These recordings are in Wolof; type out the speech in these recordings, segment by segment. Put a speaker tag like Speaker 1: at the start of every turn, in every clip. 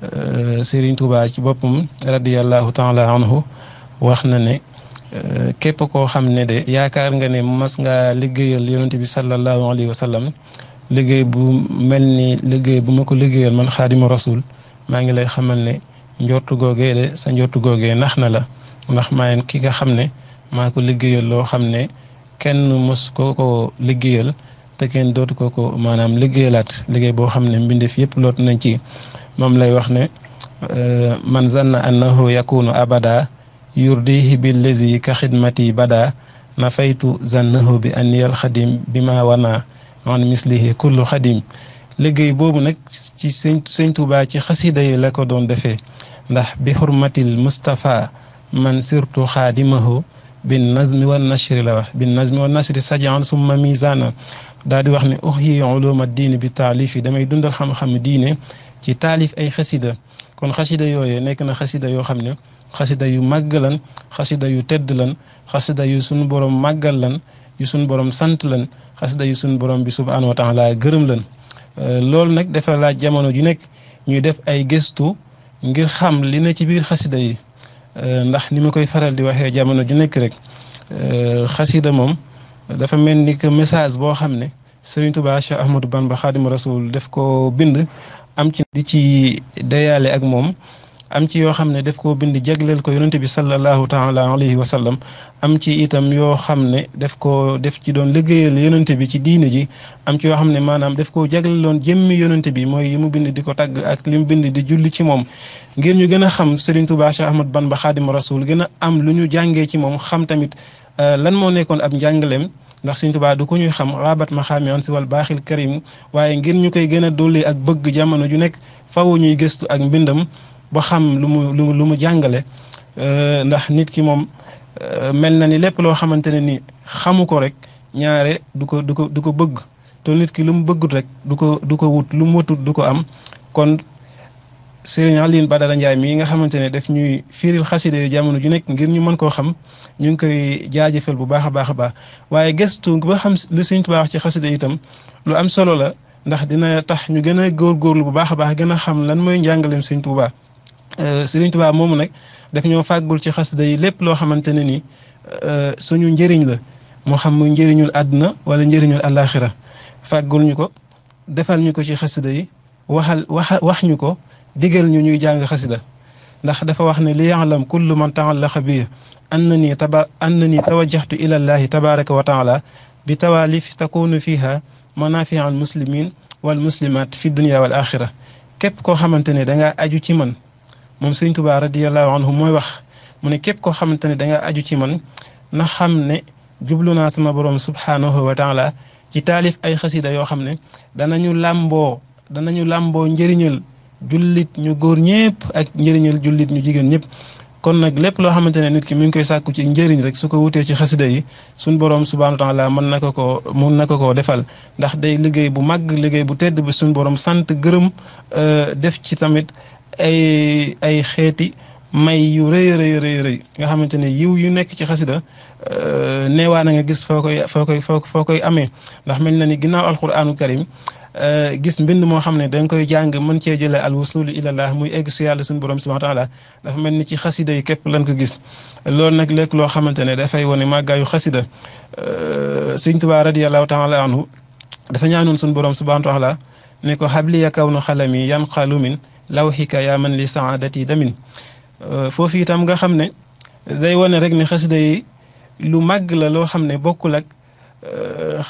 Speaker 1: Euh, Serigne Touba ci boppam radiyallahu taala anhu wax na ne euh, képp koo xam ne de yaakaar nga ne mas ngaa liggéeyal yonent bi sallallahu alayhi wa sallam liggéey bu mel ni liggéey bu ma ko liggéeyal man xaadima rasul maa ngi lay xamal ne njortu googee de sa njortu googee nax na la ndax maa ki nga xam ne maa ko liggéeyal loo xam ne kenn mos koo ko liggéeyal te kenn dootu ko ko maanaam liggéeyalaat liggéey boo xam ne mbindeef yëpp loot nañ ci moom lay wax ne euh, man zanna annahu yakunu abada yurdihi billazi ka xidmati bada nafaytu zannahu bi anniyal xadim bi ma wana an mislihi kullu xadim liggéey boobu nag ci sëñ sëñ Tuubaa ci xasida yi la ko doon defee ndax bi xurmatil Mustapha man sirtu xaadimahu bin nazmi wa nashri la wax bin nazmi wa nashri sajaan summa mizaana daal di wax ne uhyi uluma diine bi taalif yi damay dundal xam-xam diine ci taalif ay xasida kon xasida yooyu nekk na xasida yoo xam ne xasida yu màgg lan xasida yu tedd lan xasida yu sunu borom màggal lan yu sunu borom sant lan xasida yu sunu borom bi subhaanahu wa taala gërëm lan euh, loolu nag dafa laa jamono ju nekk ñuy def ay gëstu ngir xam li ne ci biir xasida yi euh, ndax ni ma koy faral di waxee jamono ju nekk rek euh, xasida moom dafa mel ni que message boo xam ne Serigne Touba Cheikh Ahmadou ba Khadim Rasoul def ko bind am ci di ci dayaale ak moom am ci yoo xam ne def koo bind jagleel ko yonente bi sallallahu taala alayhi wa sallam am ci itam yoo xam ne def koo def ci doon liggéeyal yonente bi ci diine ji am ci yoo xam ne maanaam daf koo jagleeloon jëmm yonente bi mooy yi mu bind di ko tagg ak li mu bind di julli ci moom ngir ñu gën a xam Serigne Touba Cheikh Ahmad Bamba Xaadimu Rasul gën a am lu ñu jàngee ci moom xam tamit Euh, lan moo nekkoon ab njàngaleem ndax Sëriñ Tuubaa du ko ñuy xam raabat ma xaamewoon si wal baaxil karim waaye ngir ñu koy gën a dolli ak bëgg jamono ju nekk fawu ñuy gëstu ak mbindam ba xam lu mu lu mu jàngale euh, ndax nit ki moom euh, mel na ni lépp loo xamante ne ni xamu ko rek ñaare du ko du ko du ko bëgg te nit ki lu mu bëggut rek du ko du ko wut lu mu wutut du ko am kon Serigne ali Badara ndjay mi nga xamantene def ñuy firil xasida yu jamono ju nek ngir ñu mën ko xam ñu ngi koy jaajeufel bu baaxa baaxa ba waye gëstu ba xam lu serigne Tuubaa wax ci xasida itam lu am solo la ndax dina tax ñu gën gor góorgóorlu bu baaxa baax gëna xam lan moy mooy serigne Sëriñ euh serigne Tuubaa momu nak daf ñoo fagul ci xasida yi lépp lo xamantene ni euh suñu njëriñ la mo xam muy njëriñul aduna wala njëriñul alakhirah fagul ñuko defal ñuko ci xasida yi waxal wax ñuko digal ñu ñuy jàng xasida ndax dafa wax ne li yaalam kullu man taallaqa bi annani taba annani tawajjahtu ila allahi tabaraka wa taala bi tawaalif takunu fiha manafia al muslimin wal muslimat fi dunia wal axira képp koo xamante ne dangaa aju ci man moom sëñ tubaa radiallahu anhu mooy wax mu ne képp koo xamante ne dangaa aju ci man na xam ne jublu naa sama borom subhaanahu wa taala ci taalif ay xasida yoo xam ne danañu làmboo danañu làmboo njëriñal jullit ñu góor ñëpp ak njëriñal jullit ñu jigéen ñëpp kon nag lépp loo xamante ne nit ki mi ngi koy sàkku ci njëriñ rek su ko wutee ci xasida yi suñ borom subhaanahu wa taala mën na ko ko mën na ko koo defal ndax day liggéey bu màgg liggéey bu tedd bi suñ borom sant gërëm euh, def ci tamit ay ay xeeti may yu rëy rëy rëy rëy nga xamante ne yiw yu nekk ci xasida euh, neewaa a nga gis foo koy foo koy foo koy amee ndax mel na ni ginnaaw alquraanu karim Euh, gis mbind moo xam ne da koy jàng mën cee jëlee al wusul ilallah muy egg su yàlla suñu borom subhanahu wa dafa mel ni ci xasida yi képp lañ ko gis loolu nag lépp loo xamante ne dafay wane màggaayu xasida euh, sëñ Tuubaa radiyallahu taala anhu dafa ñaanoon suñ borom subhanahu wa taala ne ko xabliya kaw nu mi yan xalumin lawxika yaa man li saadati damin euh, foofu itam nga xam ne day wane rek ne xasida yi lu mag la loo xam ne bokkul ak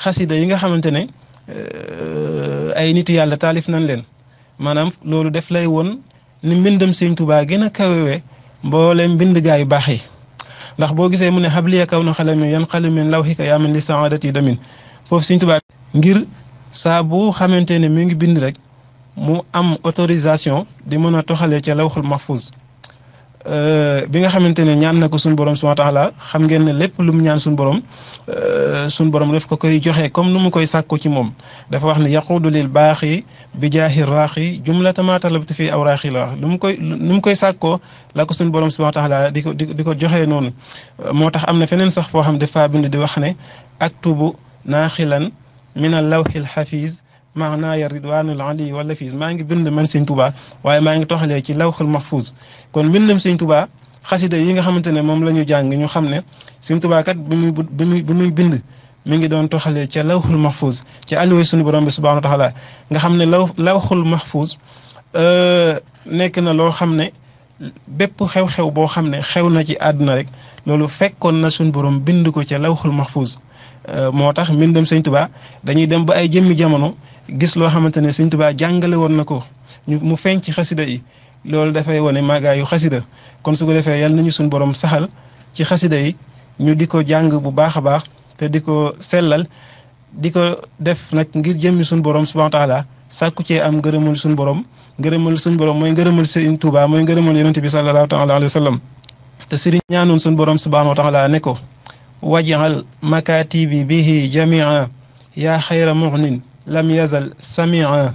Speaker 1: xasida yi nga xamante ne ay nit yàlla taalif nañ leen maanaam loolu def lay woon ni mbindam sëñ Tuubaa gën a kawewe mboolem mbind gaa yu baax yi ndax boo gisee mu ne xabliya kaw na xale mi yan xale min law xika yaa min li saadati damin foofu sëñ Tuubaa ngir saa bu xamante ne mi ngi bind rek mu am autorisation di mën a toxalee ca lawxul mahfuz Euh, bi nga xamante ne ñaan na ko suñu borom subhanahu wa taala xam ngeen ne lépp lu mu ñaan suñu borom euh, suñu borom daf ko koy joxe comme nu mu koy sàkku ci moom dafa wax ne yaquudu lil baaxi bi jaahi raaxi jumlata ma talabtu fii aw raaxi la wax lu mu koy lu mu koy sàkkoo la ko suñu borom subhanahu wa taala di ko di ko joxe noonu moo tax am na feneen sax foo xam dafa bind di wax ne aktubu naaxilan min al lawxil xafiz maanaaya ridwaanul ali wala fiis maa ngi bind man sëñ Tuubaa waaye maa ngi toxalee ci lawxul mahfuus kon mbindam sëñ Tuubaa xasida yi nga xamante ne moom la ñu jàng ñu xam ne sëñ Tuubaa kat bi muy bi muy bind mi ngi doon toxalee ca lawxul mahfuus ca alluwa suñu borom bi subhaanahu wa taala nga xam ne law lawxul mahfuus euh, nekk na loo xam ne bépp xew-xew boo xam ne xew na ci àdduna rek loolu fekkoon na suñu borom bind ko ca lawxul mahfuus euh, moo tax mbindam sëñ Tuubaa dañuy dem ba ay jëmmi jamono. gis loo xamante ne Sëriñ Tuubaa jàngale woon na ko ñu mu feeñ ci xasida yi loolu dafay wane màggaayu xasida kon su ko defee yal nañu suñu boroom saxal ci xasida yi ñu di ko jàng bu baax a baax te di ko sellal di ko def nag ngir jëmmi suñu borom subhaanahu wa sàkku cee am ngërëmul suñu borom ngërëmul suñu borom mooy ngërëmul Sëriñ Tuubaa mooy ngërëmul yonent bi sallallaahu taala alayhi wa sallam te sëriñ ñaanoon suñu borom subhaanahu wa taala ne ko wajal makaatibi bi jamia yaa xayra muxnin lam yazal samia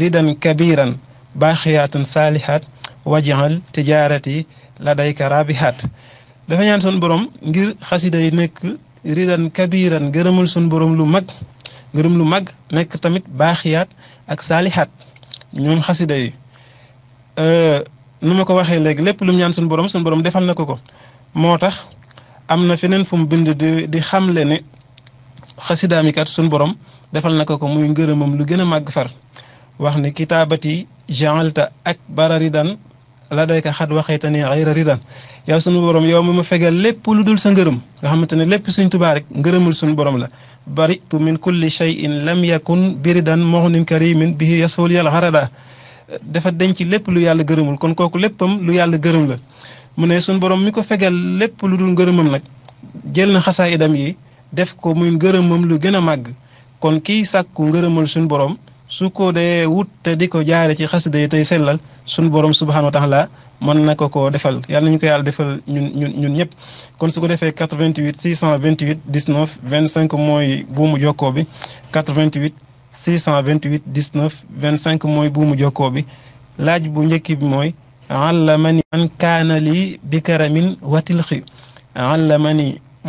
Speaker 1: ridan kabiran baaxiyaatan saalihaat wajaxal tijaarati ladayka rabihat dafa ñaan sun borom ngir xasida yi nekk ridan kabiran gërëmul sun borom lu mag gërëm lu mag nekk tamit baaxiyaat ak saalihaat ñoom xasida yi euh, nu ma ko waxee léegi lépp lu ñaan sun borom sun borom defal na ko ko moo tax am na feneen fu mu bind di di xamle ne xasidaami kat sun borom defal na ko ko muy ngërëmam lu gën a màgg far wax ni kitaabati jaalta ak bara ridan la day ka xat waxeete ni xayra ridan yow sunu borom yow mu ma fegal lépp lu dul sa ngërëm nga xamante ne lépp suñ tubaa rek ngërëmul suñu borom la bari baritu min kulli shay'in lam yakun biridan moxnin min bi yasul yàlla xarada dafa ci lépp lu yàlla gërëmul kon kooku léppam lu yàlla gërëm la mu ne suñu borom mi ko fegal lépp lu dul ngërëmam nag jël na xasaayidam yi def ko muy ngërëmam lu gën a màgg kon kiy sàkku ngërëmal suñ borom su ko dee wut te di ko jaare ci xasida yi tey sellal suñ borom subhanahu wa taala mën na ko koo defal yàlla nañu ko yàlla defal ñun ñun ñun ñëpp kon su ko defee 88 628 19 25 mooy buumu jokkoo bi 88 628 19 25 mooy buumu jokkoo bi laaj bu njëkk bi mooy allamani man kaana li bi karamin watilxi allamani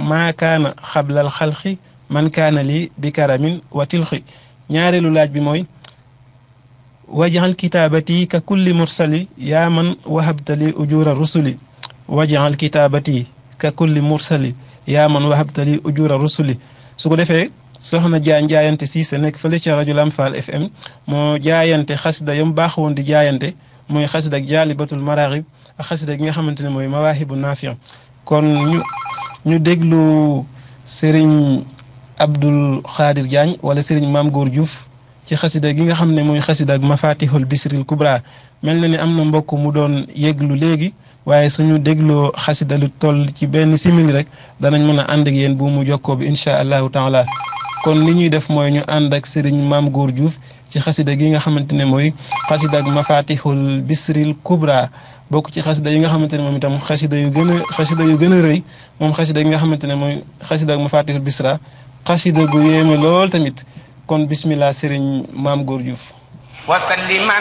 Speaker 1: maa kaana xablal xalxi man kaana lii bi karamin wa tilxi ñaareelu laaj bi mooy wajal kitaabati ka kulli mursali yaa man wahabtali ujura rusuli wajal kitaabati ka kulli mursali yaa man wahabtali ujura rusuli su ko defee soxna jaan jaayante siise nekk fële ca rajo Lamfal FM moo jaayante xasida yam baax woon di jaayante mooy xasida ak jaalibatul maraaxib ak xasida gi nga xamante ne mooy mawaahibu naafiya kon ñu ñu déglu sëriñ Abdul Xaadir Diagne wala sëriñ Maam Góor Diouf ci xasida gi nga xam ne mooy xasida ak mafatihul bisril kubra mel na ne am na mbokk mu doon yéglu léegi waaye suñu dégloo xasida lu toll ci benn simili rek danañ mën a ànd ak yéen bu mu jokkoo bi incha allahu taala kon li ñuy def mooy ñu ànd ak sëriñ Maam Góor juuf ci xasida gi nga xamante ne mooy xasida ak mafatihul bisril kubra bokk ci xasida yi nga xamante ne moom itam xasida yu gën a xasida yu gën a rëy moom xasida yi nga xamante ne mooy xasida ak mafatihul bisra قصيدة قوية ملول تميت كون بسم الله سرين مام غور يوف وسلما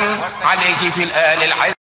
Speaker 1: عليه في الآل العزيز